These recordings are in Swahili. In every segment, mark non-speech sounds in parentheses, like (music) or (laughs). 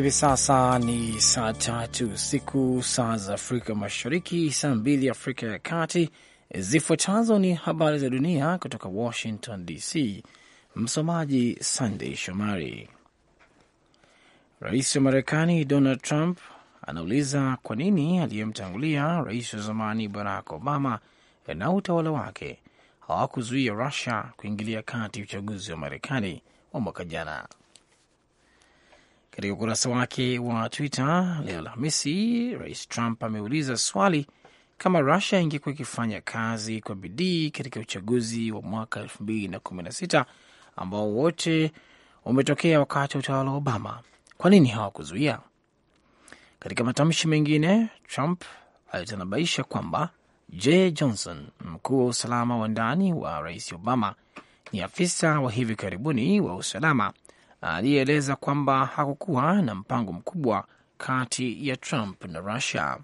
hivi sasa ni saa tatu usiku saa za Afrika Mashariki, saa mbili Afrika ya Kati. Zifuatazo ni habari za dunia kutoka Washington DC. Msomaji Sandey Shomari. Rais wa Marekani Donald Trump anauliza kwa nini aliyemtangulia rais wa zamani Barack Obama na utawala wake hawakuzuia Rusia kuingilia kati uchaguzi wa Marekani wa mwaka jana. Katika ukurasa wake wa Twitter leo Alhamisi, Rais Trump ameuliza swali kama Rusia ingekuwa ikifanya kazi kwa bidii katika uchaguzi wa mwaka sita ambao wote umetokea wakati wa utawala wa Obama, kwa nini hawakuzuia? Katika matamshi mengine, Trump alitanabaisha kwamba J Johnson, mkuu wa usalama wa ndani wa Rais Obama, ni afisa wa hivi karibuni wa usalama aliyeeleza kwamba hakukuwa na mpango mkubwa kati ya Trump na russia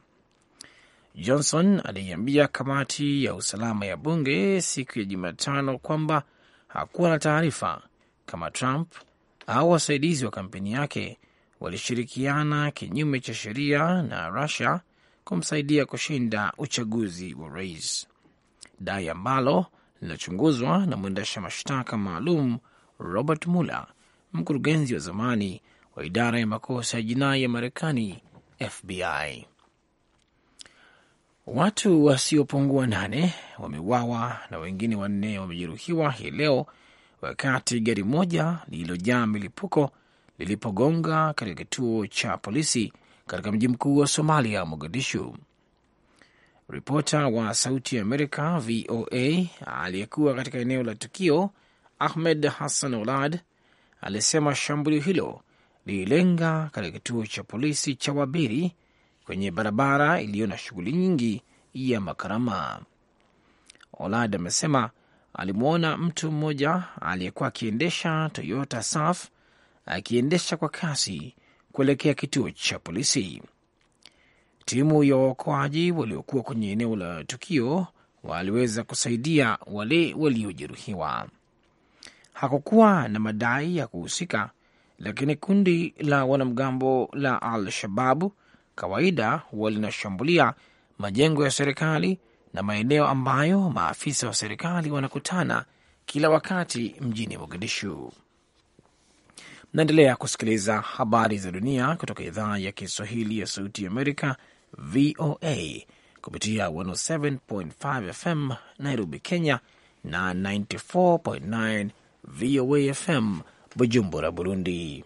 Johnson aliiambia kamati ya usalama ya bunge siku ya Jumatano kwamba hakuwa na taarifa kama Trump au wasaidizi wa kampeni yake walishirikiana kinyume cha sheria na Rusia kumsaidia kushinda uchaguzi wa rais, dai ambalo linachunguzwa na mwendesha mashtaka maalum Robert Mueller mkurugenzi wa zamani wa idara ya makosa ya jinai ya Marekani, FBI. Watu wasiopungua nane wameuawa na wengine wanne wamejeruhiwa hii leo wakati gari moja lililojaa milipuko lilipogonga katika kituo cha polisi katika mji mkuu wa Somalia, Mogadishu. Ripota wa Sauti ya Amerika VOA aliyekuwa katika eneo la tukio Ahmed Hassan Olad alisema shambulio hilo lililenga katika kituo cha polisi cha Wabiri kwenye barabara iliyo na shughuli nyingi ya Makarama. Olad amesema alimwona mtu mmoja aliyekuwa akiendesha Toyota Saf akiendesha kwa kasi kuelekea kituo cha polisi. Timu ya waokoaji waliokuwa kwenye eneo la tukio waliweza kusaidia wale waliojeruhiwa hakukuwa na madai ya kuhusika, lakini kundi la wanamgambo la Al-Shababu kawaida huwa linashambulia majengo ya serikali na maeneo ambayo maafisa wa serikali wanakutana kila wakati mjini Mogadishu. Naendelea kusikiliza habari za dunia kutoka idhaa ya Kiswahili ya Sauti ya Amerika, VOA, kupitia 107.5 FM Nairobi, Kenya na 94.9 VOA FM Bujumbura, Burundi.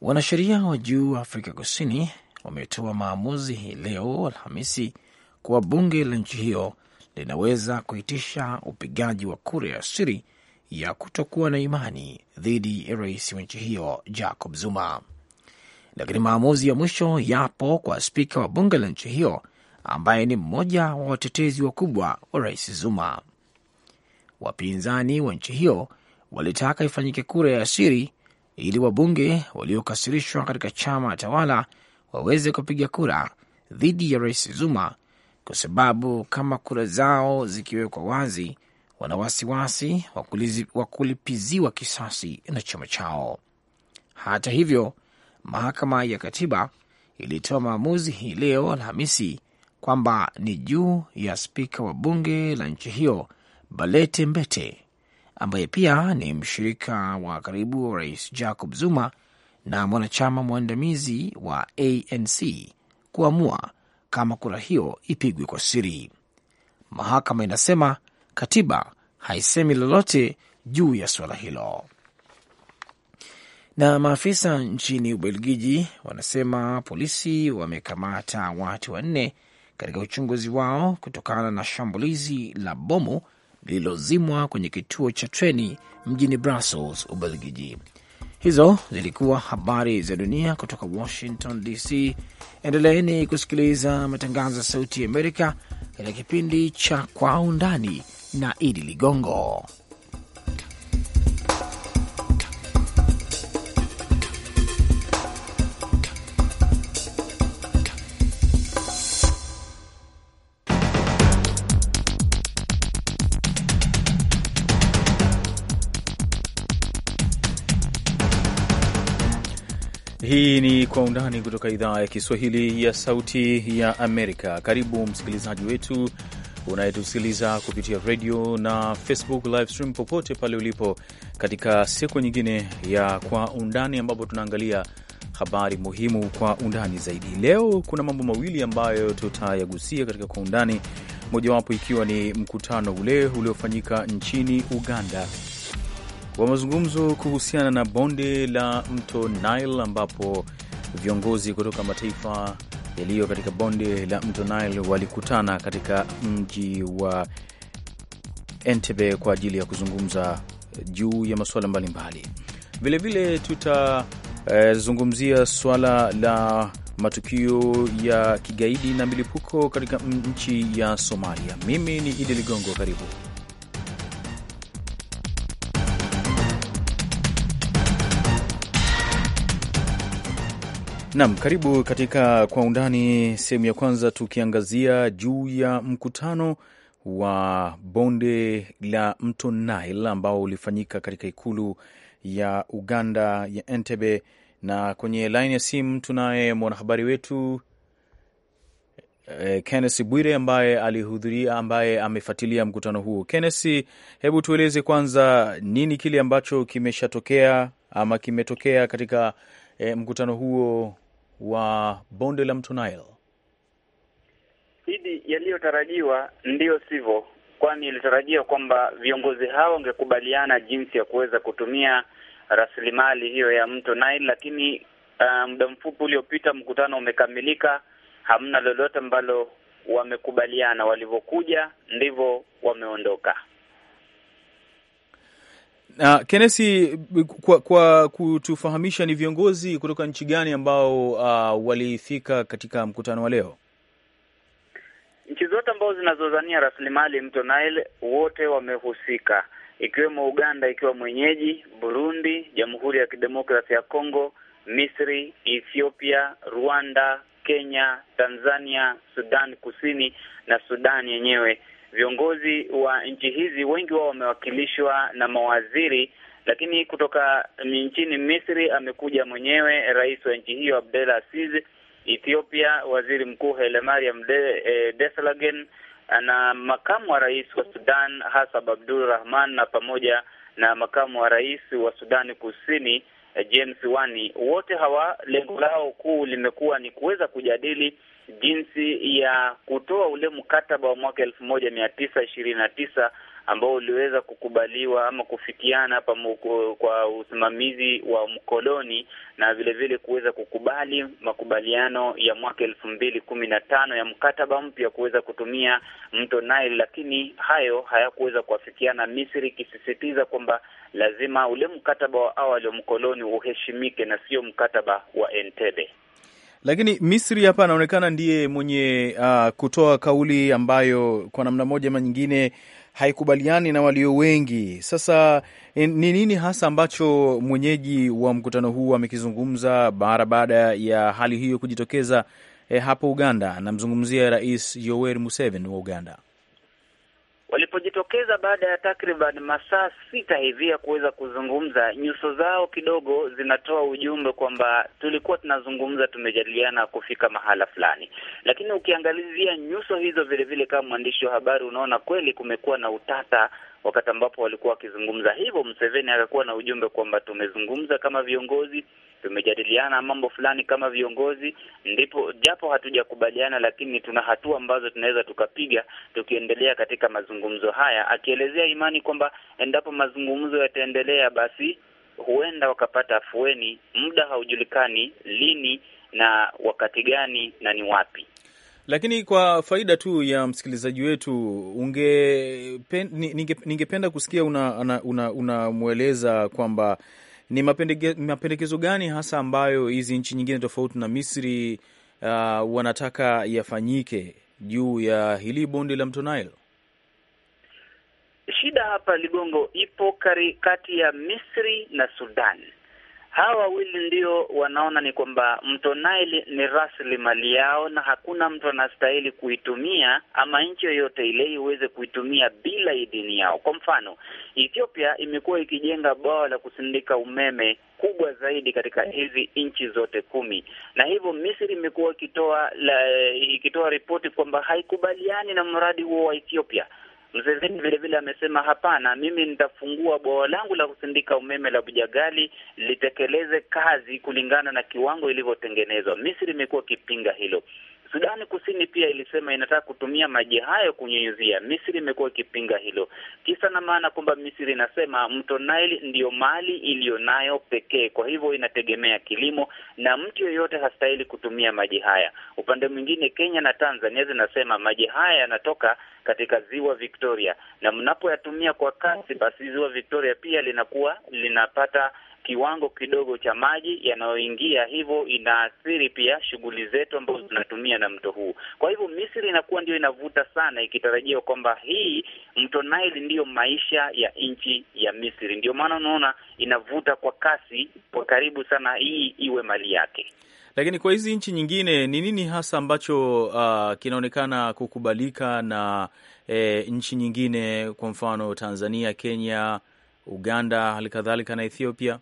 Wanasheria wa juu wa Afrika Kusini wametoa maamuzi hii leo Alhamisi kuwa bunge la nchi hiyo linaweza kuitisha upigaji wa kura ya siri ya kutokuwa na imani dhidi ya rais wa nchi hiyo Jacob Zuma, lakini maamuzi ya mwisho yapo kwa spika wa bunge la nchi hiyo ambaye ni mmoja wa watetezi wakubwa wa rais Zuma. Wapinzani wa nchi hiyo walitaka ifanyike kura ya siri ili wabunge waliokasirishwa katika chama tawala waweze kupiga kura dhidi ya rais Zuma, kwa sababu kama kura zao zikiwekwa wazi, wana wasiwasi wa kulipiziwa kisasi na chama chao. Hata hivyo, mahakama ya katiba ilitoa maamuzi hii leo Alhamisi kwamba ni juu ya spika wa bunge la nchi hiyo Balete Mbete ambaye pia ni mshirika wa karibu wa rais Jacob Zuma na mwanachama mwandamizi wa ANC kuamua kama kura hiyo ipigwe kwa siri. Mahakama inasema katiba haisemi lolote juu ya suala hilo. Na maafisa nchini Ubelgiji wanasema polisi wamekamata watu wanne katika uchunguzi wao kutokana na shambulizi la bomu lililozimwa kwenye kituo cha treni mjini Brussels, Ubelgiji. Hizo zilikuwa habari za dunia kutoka Washington DC. Endeleeni kusikiliza matangazo ya Sauti ya Amerika katika kipindi cha Kwa Undani na Idi Ligongo. Hii ni Kwa Undani kutoka idhaa ya Kiswahili ya Sauti ya Amerika. Karibu msikilizaji wetu unayetusikiliza kupitia radio na Facebook live stream, popote pale ulipo, katika siku nyingine ya Kwa Undani ambapo tunaangalia habari muhimu kwa undani zaidi. Leo kuna mambo mawili ambayo tutayagusia katika Kwa Undani, mojawapo ikiwa ni mkutano ule uliofanyika nchini Uganda wa mazungumzo kuhusiana na bonde la mto Nile ambapo viongozi kutoka mataifa yaliyo katika bonde la mto Nile walikutana katika mji wa Entebbe kwa ajili ya kuzungumza juu ya masuala mbalimbali. Vilevile tutazungumzia eh, e, suala la matukio ya kigaidi na milipuko katika nchi ya Somalia. Mimi ni Idi Ligongo, karibu. Nam, karibu katika Kwa Undani sehemu ya kwanza, tukiangazia juu ya mkutano wa bonde la mto Nile ambao ulifanyika katika ikulu ya Uganda ya Entebbe, na kwenye laini ya simu tunaye mwanahabari wetu eh, Kenneth Bwire ambaye alihudhuria, ambaye amefuatilia mkutano huo. Kenneth, hebu tueleze kwanza nini kile ambacho kimeshatokea ama kimetokea katika e, mkutano huo wa bonde la mto Nile? Idi, yaliyotarajiwa ndiyo sivyo, kwani ilitarajiwa kwamba viongozi hao wangekubaliana jinsi ya kuweza kutumia rasilimali hiyo ya mto Nile, lakini uh, muda mfupi uliopita mkutano umekamilika, hamna lolote ambalo wamekubaliana. Walivyokuja ndivyo wameondoka. Uh, ah, Kenesi, kwa, kwa kutufahamisha ni viongozi kutoka nchi gani ambao uh, walifika katika mkutano wa leo? Nchi zote ambazo zinazozania rasilimali mto Nile wote wamehusika, ikiwemo Uganda ikiwa mwenyeji, Burundi, Jamhuri ya Kidemokrasia ya Kongo, Misri, Ethiopia, Rwanda, Kenya, Tanzania, Sudan Kusini na Sudan yenyewe viongozi wa nchi hizi wengi wao wamewakilishwa na mawaziri, lakini kutoka nchini Misri amekuja mwenyewe rais wa nchi hiyo Abdel Aziz, Ethiopia waziri mkuu Haile Mariam de, eh, Desalegn na makamu wa rais wa Sudan Hasab Abdul Rahman na pamoja na makamu wa rais wa Sudani Kusini eh, James Wani. Wote hawa lengo lao kuu limekuwa ni kuweza kujadili jinsi ya kutoa ule mkataba wa mwaka elfu moja mia tisa ishirini na tisa ambao uliweza kukubaliwa ama kufikiana hapa kwa usimamizi wa mkoloni na vilevile kuweza kukubali makubaliano ya mwaka elfu mbili kumi na tano ya mkataba mpya kuweza kutumia mto Nile, lakini hayo hayakuweza kuafikiana, Misri ikisisitiza kwamba lazima ule mkataba wa awali wa mkoloni uheshimike na sio mkataba wa Entebbe. Lakini Misri hapa anaonekana ndiye mwenye uh, kutoa kauli ambayo kwa namna moja ama nyingine haikubaliani na walio wengi. Sasa eh, ni nini hasa ambacho mwenyeji wa mkutano huu amekizungumza mara baada ya hali hiyo kujitokeza eh, hapo Uganda? Namzungumzia Rais Yoweri Museveni wa Uganda. Walipojitokeza baada ya takriban masaa sita hivi ya kuweza kuzungumza, nyuso zao kidogo zinatoa ujumbe kwamba tulikuwa tunazungumza, tumejadiliana kufika mahala fulani. Lakini ukiangalizia nyuso hizo vilevile, kama mwandishi wa habari, unaona kweli kumekuwa na utata Wakati ambapo walikuwa wakizungumza hivyo, mseveni akakuwa na ujumbe kwamba tumezungumza kama viongozi, tumejadiliana mambo fulani kama viongozi, ndipo japo hatujakubaliana, lakini tuna hatua ambazo tunaweza tukapiga tukiendelea katika mazungumzo haya, akielezea imani kwamba endapo mazungumzo yataendelea, basi huenda wakapata afueni. Muda haujulikani lini na wakati gani na ni wapi. Lakini kwa faida tu ya msikilizaji wetu, ninge, ningependa kusikia unamweleza una, una kwamba ni mapendeke, mapendekezo gani hasa ambayo hizi nchi nyingine tofauti na Misri uh, wanataka yafanyike juu ya hili bonde la mto Nile. Shida hapa Ligongo ipo kari, kati ya Misri na Sudan. Hawa wawili ndio wanaona ni kwamba mto Nile ni rasilimali yao na hakuna mtu anastahili kuitumia ama nchi yoyote ile iweze kuitumia bila idhini yao. Kwa mfano, Ethiopia imekuwa ikijenga bwawa la kusindika umeme kubwa zaidi katika hizi nchi zote kumi, na hivyo Misri imekuwa ikitoa ikitoa ripoti kwamba haikubaliani na mradi huo wa Ethiopia. Mseveni vilevile amesema hapana, mimi nitafungua bwawa langu la kusindika umeme la Bujagali litekeleze kazi kulingana na kiwango ilivyotengenezwa. Misri imekuwa ikipinga hilo. Sudani Kusini pia ilisema inataka kutumia maji hayo kunyunyizia. Misri imekuwa ikipinga hilo, kisa na maana kwamba Misri inasema mto Nile ndiyo mali iliyonayo pekee, kwa hivyo inategemea kilimo na mtu yoyote hastahili kutumia maji haya. Upande mwingine, Kenya na Tanzania zinasema maji haya yanatoka katika ziwa Victoria, na mnapoyatumia kwa kasi, basi ziwa Victoria pia linakuwa linapata kiwango kidogo cha maji yanayoingia, hivyo inaathiri pia shughuli zetu ambazo zinatumia na mto huu. Kwa hivyo Misri inakuwa ndio inavuta sana, ikitarajiwa kwamba hii mto Nile ndiyo maisha ya nchi ya Misri. Ndio maana unaona inavuta kwa kasi, kwa karibu sana, hii iwe mali yake. Lakini kwa hizi nchi nyingine ni nini hasa ambacho uh, kinaonekana kukubalika na e, nchi nyingine, kwa mfano Tanzania, Kenya, Uganda, hali kadhalika na Ethiopia?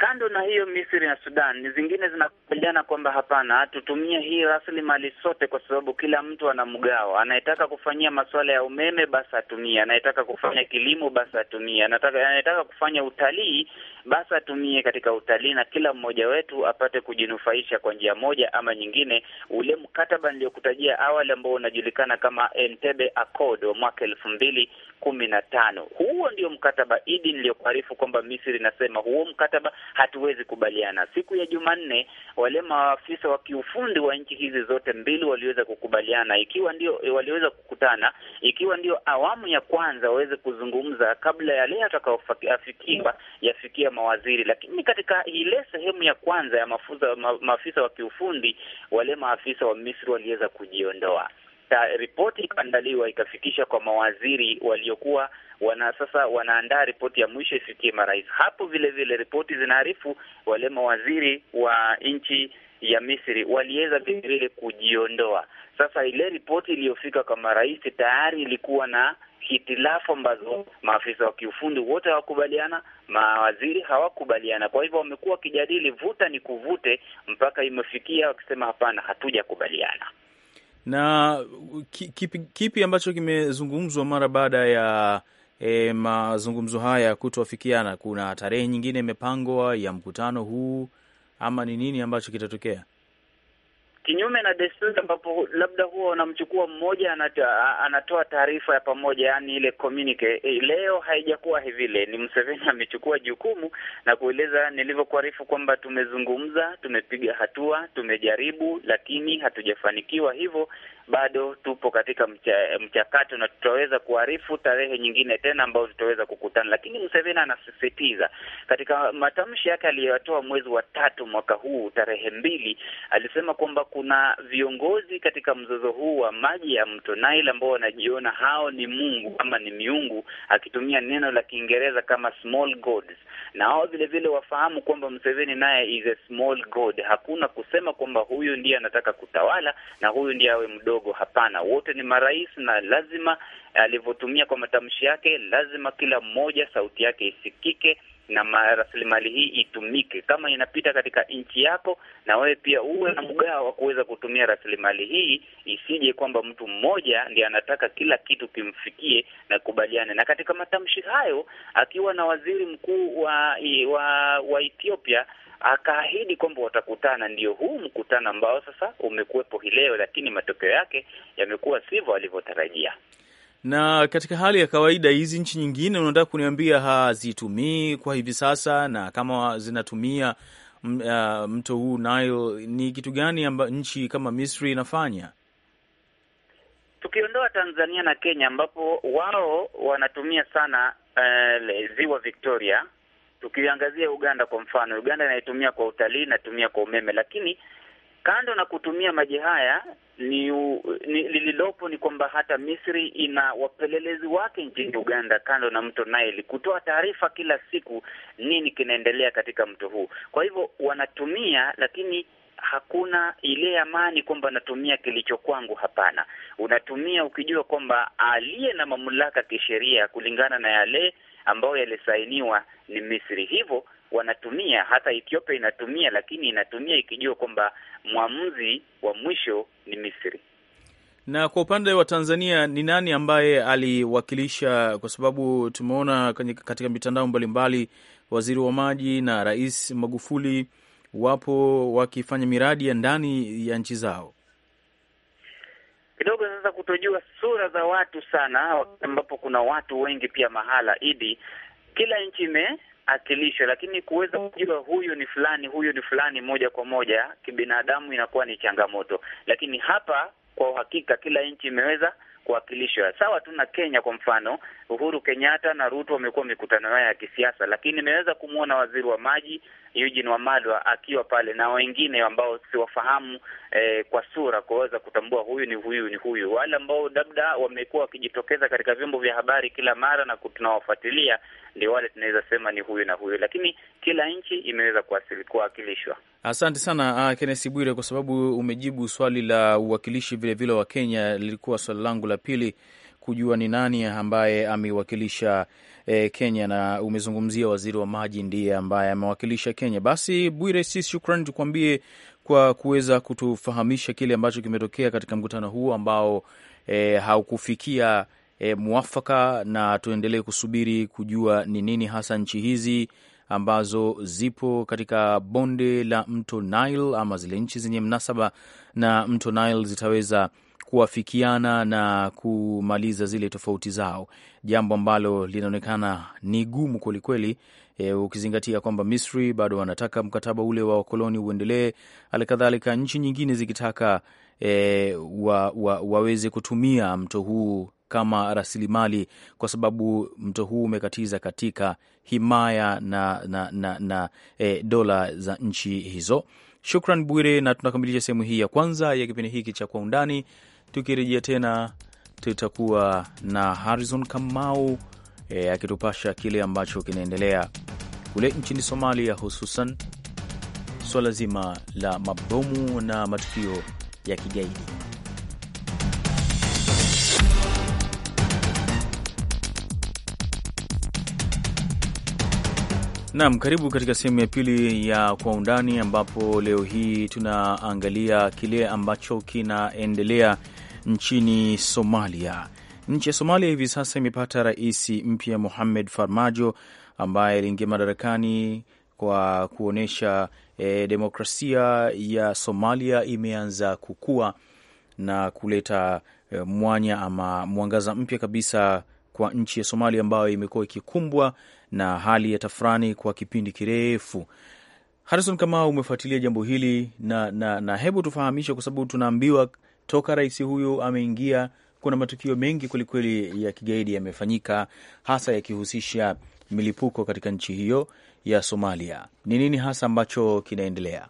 Kando na hiyo, Misri na Sudan ni zingine zinakubaliana kwamba hapana, hatutumie hii rasilimali sote, kwa sababu kila mtu ana mgao. Anayetaka kufanyia masuala ya umeme basi atumie, anayetaka kufanya kilimo basi atumie, anayetaka kufanya utalii basi atumie katika utalii, na kila mmoja wetu apate kujinufaisha kwa njia moja ama nyingine. Ule mkataba niliokutajia awali ambao unajulikana kama Entebbe Accord wa mwaka elfu mbili kumi na tano, huo ndio mkataba idi niliyokuarifu kwamba Misri inasema huo mkataba hatuwezi kubaliana. Siku ya Jumanne wale maafisa wa kiufundi wa nchi hizi zote mbili waliweza kukubaliana, ikiwa ndio waliweza kukutana, ikiwa ndio awamu ya kwanza waweze kuzungumza kabla yale yatakayofikiwa yafikia mawaziri. Lakini katika ile sehemu ya kwanza ya mafunzo, ma, maafisa wa kiufundi wale maafisa wa Misri waliweza kujiondoa ripoti ikaandaliwa ikafikisha kwa mawaziri waliokuwa wana sasa wanaandaa ripoti ya mwisho ifikie marais. Hapo vile vile ripoti zinaarifu wale mawaziri wa nchi ya Misri waliweza vilevile kujiondoa. Sasa ile ripoti iliyofika kwa marais tayari ilikuwa na hitilafu ambazo maafisa wa kiufundi wote hawakubaliana, mawaziri hawakubaliana. Kwa hivyo wamekuwa wakijadili vuta ni kuvute mpaka imefikia wakisema hapana, hatujakubaliana. Na kipi, kipi ambacho kimezungumzwa mara baada ya e, mazungumzo haya kutoafikiana? Kuna tarehe nyingine imepangwa ya mkutano huu ama ni nini ambacho kitatokea? kinyume na desturi ambapo labda huwa unamchukua mmoja anatoa taarifa ya pamoja, yaani ile communique. Eh, leo haijakuwa hivi, ni Museveni amechukua jukumu na kueleza nilivyokuarifu kwamba tumezungumza, tumepiga hatua, tumejaribu, lakini hatujafanikiwa. Hivyo bado tupo katika mchakato na tutaweza kuharifu tarehe nyingine tena ambayo tutaweza kukutana. Lakini Museveni anasisitiza katika matamshi yake aliyoyatoa mwezi wa tatu mwaka huu tarehe mbili, alisema kwamba kuna viongozi katika mzozo huu wa maji ya mto Nile ambao wanajiona hao ni Mungu ama ni miungu, akitumia neno la Kiingereza kama small gods, na hao vile vile wafahamu kwamba Museveni naye is a small god. Hakuna kusema kwamba huyu ndiye anataka kutawala na huyu ndiye awe mdogo kidogo. Hapana, wote ni marais na lazima, alivyotumia kwa matamshi yake, lazima kila mmoja sauti yake isikike na rasilimali hii itumike. Kama inapita katika nchi yako, na wewe pia uwe na mgao wa kuweza kutumia rasilimali hii, isije kwamba mtu mmoja ndiye anataka kila kitu kimfikie na kubaliane. Na katika matamshi hayo, akiwa na waziri mkuu wa wa, wa Ethiopia akaahidi kwamba watakutana. Ndio huu mkutano ambao sasa umekuwepo hii leo, lakini matokeo yake yamekuwa sivyo alivyotarajia. Na katika hali ya kawaida hizi nchi nyingine unataka kuniambia hazitumii kwa hivi sasa, na kama zinatumia mm, uh, mto huu nayo ni kitu gani amba nchi kama Misri inafanya? Tukiondoa Tanzania na Kenya ambapo wao wanatumia sana uh, ziwa Victoria Tukiangazia Uganda kwa mfano, Uganda inaitumia kwa utalii, inatumia kwa umeme, lakini kando na kutumia maji haya ni, ni lililopo ni kwamba hata Misri ina wapelelezi wake nchini Uganda kando na mto Nile kutoa taarifa kila siku nini kinaendelea katika mto huu. Kwa hivyo wanatumia, lakini hakuna ile amani kwamba natumia kilicho kwangu. Hapana, unatumia ukijua kwamba aliye na mamlaka kisheria kulingana na yale ambayo yalisainiwa ni Misri. Hivyo wanatumia hata Ethiopia inatumia, lakini inatumia ikijua kwamba mwamuzi wa mwisho ni Misri. Na kwa upande wa Tanzania ni nani ambaye aliwakilisha? Kwa sababu tumeona katika mitandao mbalimbali waziri wa maji na Rais Magufuli wapo wakifanya miradi ya ndani ya nchi zao kidogo sasa kutojua sura za watu sana, ambapo kuna watu wengi pia mahala idi, kila nchi imeakilishwa, lakini kuweza kujua huyu ni fulani, huyu ni fulani, moja kwa moja kibinadamu inakuwa ni changamoto, lakini hapa kwa uhakika kila nchi imeweza kuwakilishwa sawa tu na Kenya. Kwa mfano, Uhuru Kenyatta na Ruto wamekuwa mikutano yao ya kisiasa, lakini nimeweza kumwona waziri wa maji Eugene Wamalwa akiwa pale na wengine ambao siwafahamu eh, kwa sura kuweza kutambua huyu ni huyu ni huyu. Wale ambao labda wamekuwa wakijitokeza katika vyombo vya habari kila mara na tunawafuatilia, ndio wale tunaweza sema ni huyu na huyu, lakini kila nchi imeweza kuwakilishwa. Asante sana ah, Kennesi Bwire kwa sababu umejibu swali la uwakilishi vilevile wa Kenya. Lilikuwa swali langu la pili kujua ni nani ambaye ameiwakilisha e, eh, Kenya, na umezungumzia waziri wa maji ndiye ambaye amewakilisha Kenya. Basi Bwire, si shukrani tukuambie kwa kuweza kutufahamisha kile ambacho kimetokea katika mkutano huu ambao e, haukufikia e, mwafaka, na tuendelee kusubiri kujua ni nini hasa nchi hizi ambazo zipo katika bonde la mto Nile ama zile nchi zenye mnasaba na mto Nile zitaweza kuafikiana na kumaliza zile tofauti zao, jambo ambalo linaonekana ni gumu kwelikweli, e, ukizingatia kwamba Misri bado wanataka mkataba ule wa wakoloni uendelee, halikadhalika nchi nyingine zikitaka e, wa, wa, waweze kutumia mto huu kama rasilimali, kwa sababu mto huu umekatiza katika himaya na, na, na, na e, dola za nchi hizo. Shukran Bwire, na tunakamilisha sehemu hii ya kwanza ya kipindi hiki cha Kwa Undani. Tukirejea tena tutakuwa na Harrison Kamau e, akitupasha kile ambacho kinaendelea kule nchini Somalia, hususan suala zima la mabomu na matukio ya kigaidi. Naam, karibu katika sehemu ya pili ya Kwa Undani, ambapo leo hii tunaangalia kile ambacho kinaendelea nchini Somalia. Nchi ya Somalia hivi sasa imepata rais mpya Mohamed Farmajo ambaye aliingia madarakani kwa kuonyesha e, eh, demokrasia ya Somalia imeanza kukua na kuleta e, mwanya ama mwangaza mpya kabisa kwa nchi ya Somalia ambayo imekuwa ikikumbwa na hali ya tafurani kwa kipindi kirefu. harison Kamau, umefuatilia jambo hili na, na, na hebu tufahamishe, kwa sababu tunaambiwa toka rais huyu ameingia kuna matukio mengi kwelikweli ya kigaidi yamefanyika, hasa yakihusisha milipuko katika nchi hiyo ya Somalia. Ni nini hasa ambacho kinaendelea?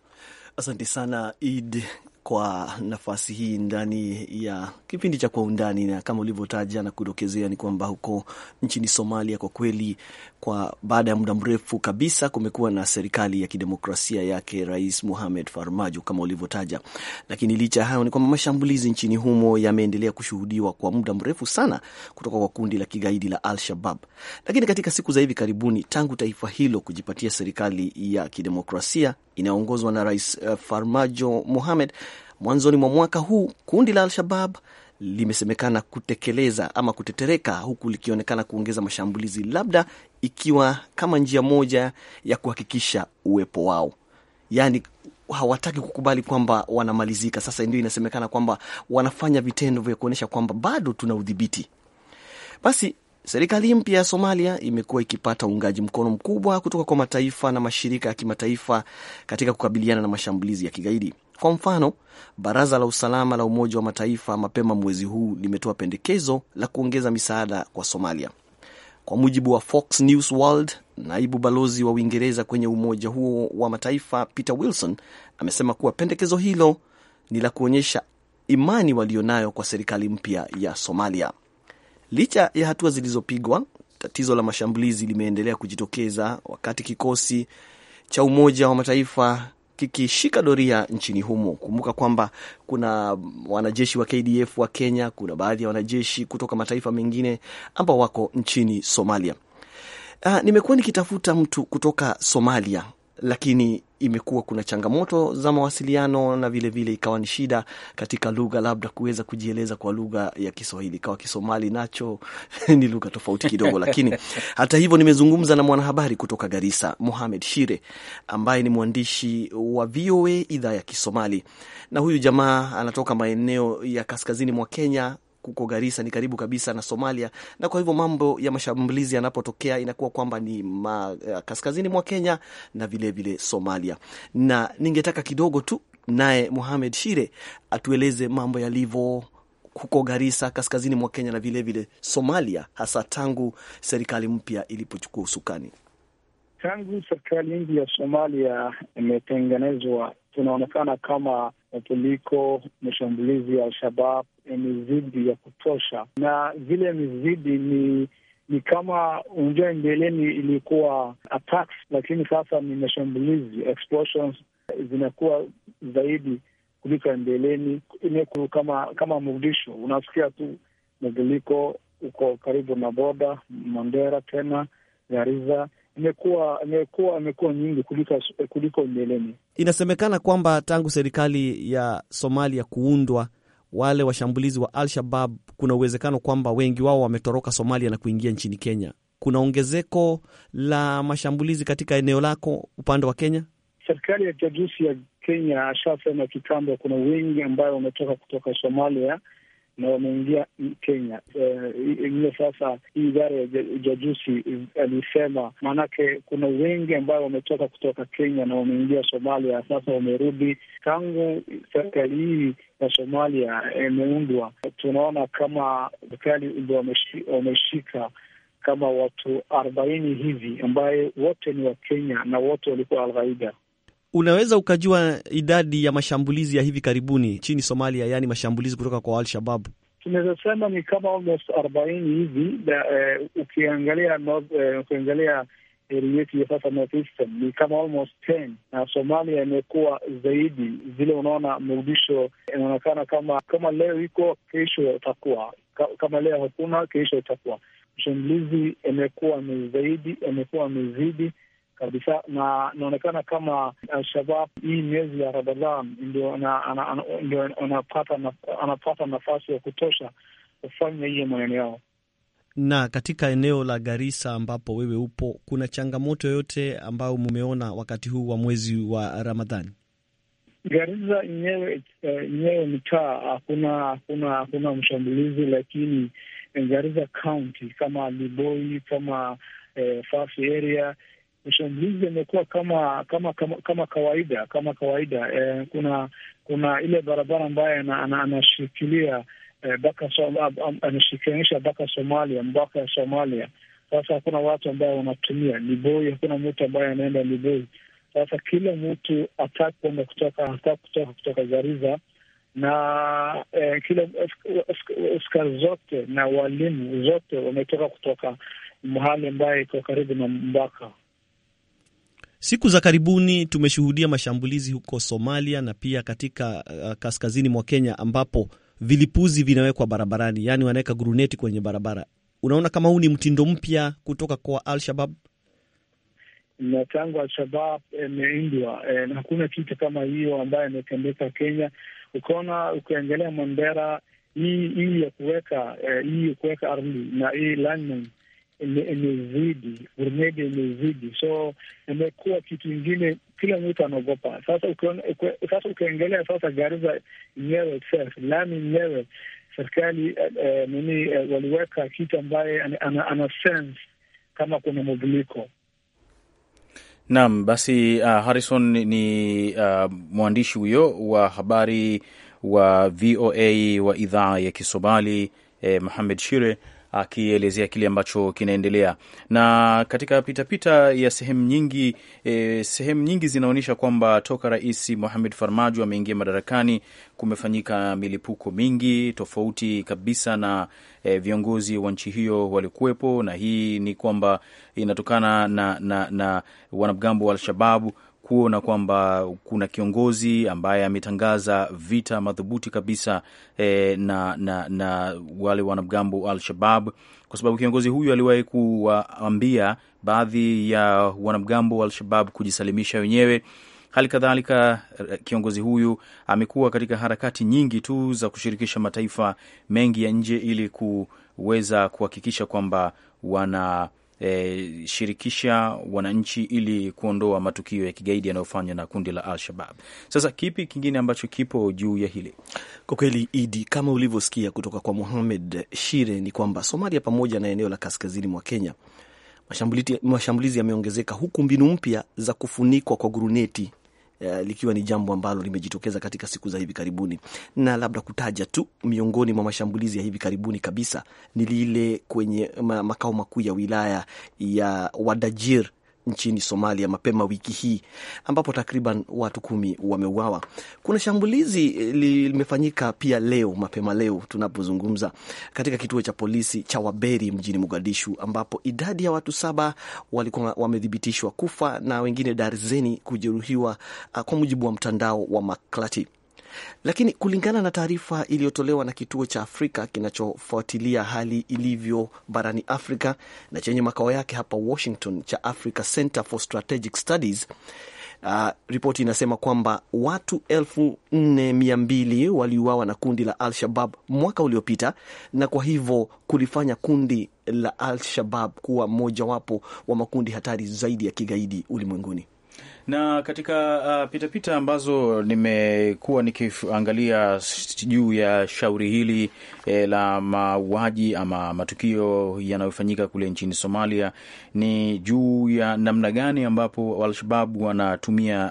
Asante sana Id kwa nafasi hii ndani ya kipindi cha Kwa Undani, na kama ulivyotaja na kudokezea ni kwamba huko nchini Somalia kwa kweli kwa baada ya muda mrefu kabisa kumekuwa na serikali ya kidemokrasia yake Rais Mohamed Farmajo kama ulivyotaja, lakini licha ya hayo ni kwamba mashambulizi nchini humo yameendelea kushuhudiwa kwa muda mrefu sana kutoka kwa kundi la kigaidi la Al-Shabab. Lakini katika siku za hivi karibuni, tangu taifa hilo kujipatia serikali ya kidemokrasia inayoongozwa na Rais eh, Farmajo Mohamed mwanzoni mwa mwaka huu, kundi la Al-Shabab limesemekana kutekeleza ama kutetereka, huku likionekana kuongeza mashambulizi, labda ikiwa kama njia moja ya kuhakikisha uwepo wao, yaani hawataki kukubali kwamba wanamalizika. Sasa ndio inasemekana kwamba wanafanya vitendo vya kuonyesha kwamba bado tuna udhibiti. Basi serikali mpya ya Somalia imekuwa ikipata uungaji mkono mkubwa kutoka kwa mataifa na mashirika ya kimataifa katika kukabiliana na mashambulizi ya kigaidi. Kwa mfano, Baraza la Usalama la Umoja wa Mataifa mapema mwezi huu limetoa pendekezo la kuongeza misaada kwa Somalia. Kwa mujibu wa Fox News World, naibu balozi wa Uingereza kwenye Umoja huo wa Mataifa Peter Wilson amesema kuwa pendekezo hilo ni la kuonyesha imani walionayo kwa serikali mpya ya Somalia. Licha ya hatua zilizopigwa, tatizo la mashambulizi limeendelea kujitokeza wakati kikosi cha Umoja wa Mataifa kikishika doria nchini humo. Kumbuka kwamba kuna wanajeshi wa KDF wa Kenya, kuna baadhi ya wanajeshi kutoka mataifa mengine ambao wako nchini Somalia. Uh, nimekuwa nikitafuta mtu kutoka Somalia lakini imekuwa kuna changamoto za mawasiliano na vilevile vile ikawa ni shida katika lugha, labda kuweza kujieleza kwa lugha ya Kiswahili, ikawa Kisomali nacho (laughs) ni lugha tofauti kidogo. Lakini (laughs) hata hivyo, nimezungumza na mwanahabari kutoka Garissa, Mohamed Shire, ambaye ni mwandishi wa VOA idhaa ya Kisomali, na huyu jamaa anatoka maeneo ya kaskazini mwa Kenya kuko Garissa ni karibu kabisa na Somalia, na kwa hivyo mambo ya mashambulizi yanapotokea inakuwa kwamba ni ma, eh, kaskazini mwa Kenya na vilevile vile Somalia, na ningetaka kidogo tu naye Mohamed Shire atueleze mambo yalivyo huko Garissa kaskazini mwa Kenya na vilevile vile Somalia, hasa tangu serikali mpya ilipochukua usukani. Tangu serikali nyingi ya Somalia imetengenezwa, tunaonekana kama kuliko mashambulizi ya Al-Shabab imezidi ya kutosha, na vile mizidi ni ni kama unajua, mbeleni ilikuwa attacks, lakini sasa ni mashambulizi explosions zinakuwa zaidi kuliko mbeleni. kama kama Mogadishu, unasikia tu madiliko uko karibu na boda Mandera tena Gariza, imekuwa imekuwa imekuwa nyingi kuliko kuliko mbeleni. Inasemekana kwamba tangu serikali ya Somalia kuundwa, wale washambulizi wa Al-Shabab kuna uwezekano kwamba wengi wao wametoroka Somalia na kuingia nchini Kenya. Kuna ongezeko la mashambulizi katika eneo lako upande wa Kenya? Serikali ya jajusi ya Kenya ashasema kitambo kuna wengi ambayo wametoka kutoka Somalia na wameingia Kenya. Eh, Ile sasa hii idara ya ujajusi eh, alisema, maanake kuna wengi ambayo wametoka kutoka Kenya na wameingia Somalia, sasa wamerudi. Tangu serikali hii ya Somalia eh, imeundwa, tunaona kama serikali ndio wameshika kama watu arobaini hivi ambaye wote ni Wakenya na wote walikuwa Alghaida. Unaweza ukajua idadi ya mashambulizi ya hivi karibuni nchini Somalia, yaani mashambulizi kutoka kwa al shabab Tunaweza sema ni kama almost arobaini hivi. Eh, ukiangalia eh, ukiangalia eri yetu ya sasa northeastern ni kama almost ten, na Somalia imekuwa zaidi vile Unaona, mrudisho inaonekana kama kama leo iko kesho itakuwa kama leo hakuna kesho itakuwa. Mshambulizi imekuwa ni zaidi, imekuwa mezidi kabisa, na inaonekana kama Alshabab hii miezi ya Ramadhan ndio anapata nafasi ya kutosha kufanya hiyo maneno yao. Na katika eneo la Garissa ambapo wewe upo, kuna changamoto yoyote ambayo mumeona wakati huu wa mwezi wa Ramadhani? garisa yenyewe eh, yenyewe mitaa hakuna hakuna hakuna mshambulizi, lakini garisa County kama Liboi kama eh, Fafi area Mission hizi zimekuwa kama kama kama kama kawaida kama kawaida. E, kuna kuna ile barabara ambaye anashikilia eh, anashikanisha mpaka Somalia mpaka ya Somalia. Sasa hakuna watu ambao wanatumia Liboi, hakuna mtu ambaye anaenda Liboi. Sasa kila mtu hataki kwenda kutoka hataki kutoka kutoka Zariza na eh, kila askari zote na walimu zote wametoka kutoka mahali ambaye iko karibu na mpaka Siku za karibuni tumeshuhudia mashambulizi huko Somalia na pia katika uh, kaskazini mwa Kenya ambapo vilipuzi vinawekwa barabarani, yaani wanaweka guruneti kwenye barabara. Unaona kama huu ni mtindo mpya kutoka kwa Al-Shabab? na tangu Alshabab imeindwa e, eh, e, hakuna kitu kama hiyo ambayo imetendeka Kenya. Ukaona, ukiangalia Mandera hii hii ya kuweka eh, hii e, kuweka ardhi na hii landmine imezidi, Burundi imezidi, so imekuwa kitu ingine, kila mtu anaogopa sasa. Sasa ukiongelea sasa Gariza yenyewe lami nyewe, serikali eh, eh, nini, eh, waliweka kitu ambaye ana sense kama kuna mabadiliko. Naam, basi uh, Harrison ni uh, mwandishi huyo wa habari wa VOA wa idhaa ya Kisomali eh, Muhamed Shire akielezea kile ambacho kinaendelea. Na katika pitapita ya sehemu nyingi e, sehemu nyingi zinaonyesha kwamba toka Rais Mohamed Farmajo ameingia madarakani kumefanyika milipuko mingi tofauti kabisa na e, viongozi wa nchi hiyo walikuwepo, na hii ni kwamba inatokana na, na, na wanamgambo wa Alshababu kuona kwamba kuna kiongozi ambaye ametangaza vita madhubuti kabisa e, na, na, na wale wanamgambo Al-Shabab kwa sababu kiongozi huyu aliwahi kuwaambia baadhi ya wanamgambo wa Al-Shabab kujisalimisha wenyewe. Hali kadhalika eh, kiongozi huyu amekuwa katika harakati nyingi tu za kushirikisha mataifa mengi ya nje ili kuweza kuhakikisha kwamba wana e, shirikisha wananchi ili kuondoa matukio ya kigaidi yanayofanywa na kundi la Al-Shabab. Sasa kipi kingine ambacho kipo juu ya hili? Kwa kweli, Idi, kama ulivyosikia kutoka kwa muhamed Shire, ni kwamba Somalia pamoja na eneo la kaskazini mwa Kenya mashambulizi yameongezeka huku mbinu mpya za kufunikwa kwa guruneti Eh, likiwa ni jambo ambalo limejitokeza katika siku za hivi karibuni, na labda kutaja tu miongoni mwa mashambulizi ya hivi karibuni kabisa ni lile kwenye makao makuu ya wilaya ya Wadajir nchini Somalia mapema wiki hii ambapo takriban watu kumi wameuawa. Kuna shambulizi eh, limefanyika pia leo mapema leo tunapozungumza katika kituo cha polisi cha Waberi mjini Mogadishu ambapo idadi ya watu saba walikuwa wamethibitishwa kufa na wengine darzeni kujeruhiwa, ah, kwa mujibu wa mtandao wa Maklati. Lakini kulingana na taarifa iliyotolewa na kituo cha Afrika kinachofuatilia hali ilivyo barani Afrika na chenye makao yake hapa Washington, cha Africa Center for Strategic Studies, uh, ripoti inasema kwamba watu elfu waliuawa na kundi la Al-Shabab mwaka uliopita na kwa hivyo kulifanya kundi la Al-Shabab kuwa mojawapo wa makundi hatari zaidi ya kigaidi ulimwenguni. Na katika uh, pitapita ambazo nimekuwa nikiangalia juu ya shauri hili e, la mauaji ama matukio yanayofanyika kule nchini Somalia ni juu ya namna gani ambapo Alshabab wanatumia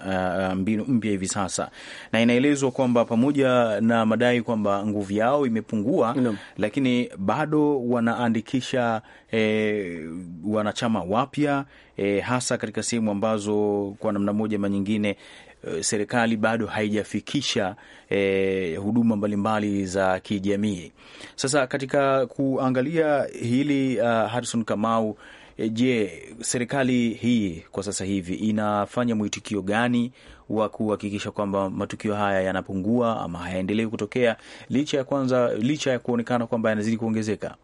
uh, mbinu mpya hivi sasa, na inaelezwa kwamba pamoja na madai kwamba nguvu yao imepungua no. lakini bado wanaandikisha e, wanachama wapya e, hasa katika sehemu ambazo kwa namna moja ama nyingine e, serikali bado haijafikisha e, huduma mbalimbali za kijamii. Sasa katika kuangalia hili uh, Harrison Kamau, e, Je, serikali hii kwa sasa hivi inafanya mwitikio gani wa kuhakikisha kwamba matukio haya yanapungua ama hayaendelei kutokea licha ya kwanza, licha ya kuonekana kwamba yanazidi kuongezeka?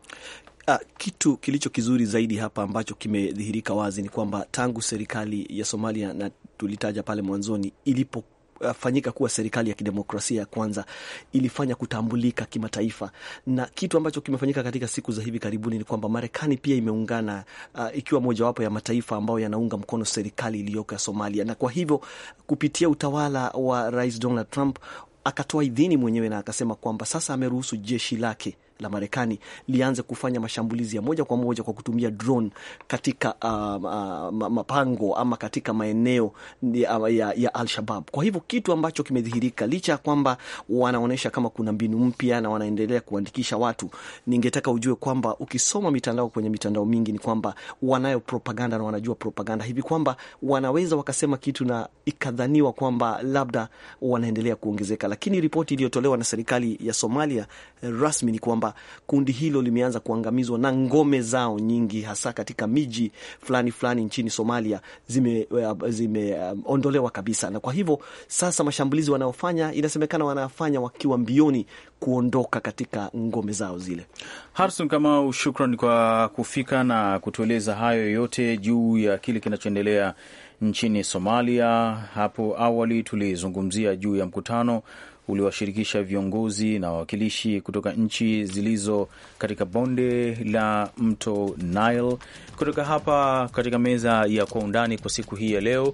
Uh, kitu kilicho kizuri zaidi hapa ambacho kimedhihirika wazi ni kwamba tangu serikali ya Somalia na tulitaja pale mwanzoni ilipo ah, fanyika kuwa serikali ya kidemokrasia ya kwanza ilifanya kutambulika kimataifa, na kitu ambacho kimefanyika katika siku za hivi karibuni ni kwamba Marekani pia imeungana uh, ikiwa mojawapo ya mataifa ambayo yanaunga mkono serikali iliyoko ya Somalia, na kwa hivyo kupitia utawala wa Rais Donald Trump akatoa idhini mwenyewe na akasema kwamba sasa ameruhusu jeshi lake la Marekani lianze kufanya mashambulizi ya moja kwa moja kwa kutumia drone katika uh, uh, mapango ama katika maeneo ya, ya, ya Al-Shabab. Kwa hivyo kitu ambacho kimedhihirika, licha ya kwamba wanaonyesha kama kuna mbinu mpya na wanaendelea kuandikisha watu, ningetaka ujue kwamba ukisoma mitandao, kwenye mitandao mingi ni kwamba wanayo propaganda na wanajua propaganda hivi kwamba wanaweza wakasema kitu na ikadhaniwa kwamba labda wanaendelea kuongezeka, lakini ripoti iliyotolewa na serikali ya Somalia eh, rasmi ni kwamba kwamba kundi hilo limeanza kuangamizwa na ngome zao nyingi, hasa katika miji fulani fulani nchini Somalia zimeondolewa zime, um, kabisa, na kwa hivyo sasa mashambulizi wanaofanya inasemekana wanafanya wakiwa mbioni kuondoka katika ngome zao zile. Harrison Kamau, shukran kwa kufika na kutueleza hayo yote juu ya kile kinachoendelea nchini Somalia. Hapo awali tulizungumzia juu ya mkutano uliwashirikisha viongozi na wawakilishi kutoka nchi zilizo katika bonde la mto Nile. Kutoka hapa katika meza ya kwa undani kwa siku hii ya leo,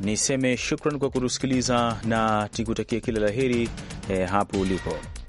niseme shukran kwa kutusikiliza na tikutakia kila la heri eh, hapo ulipo.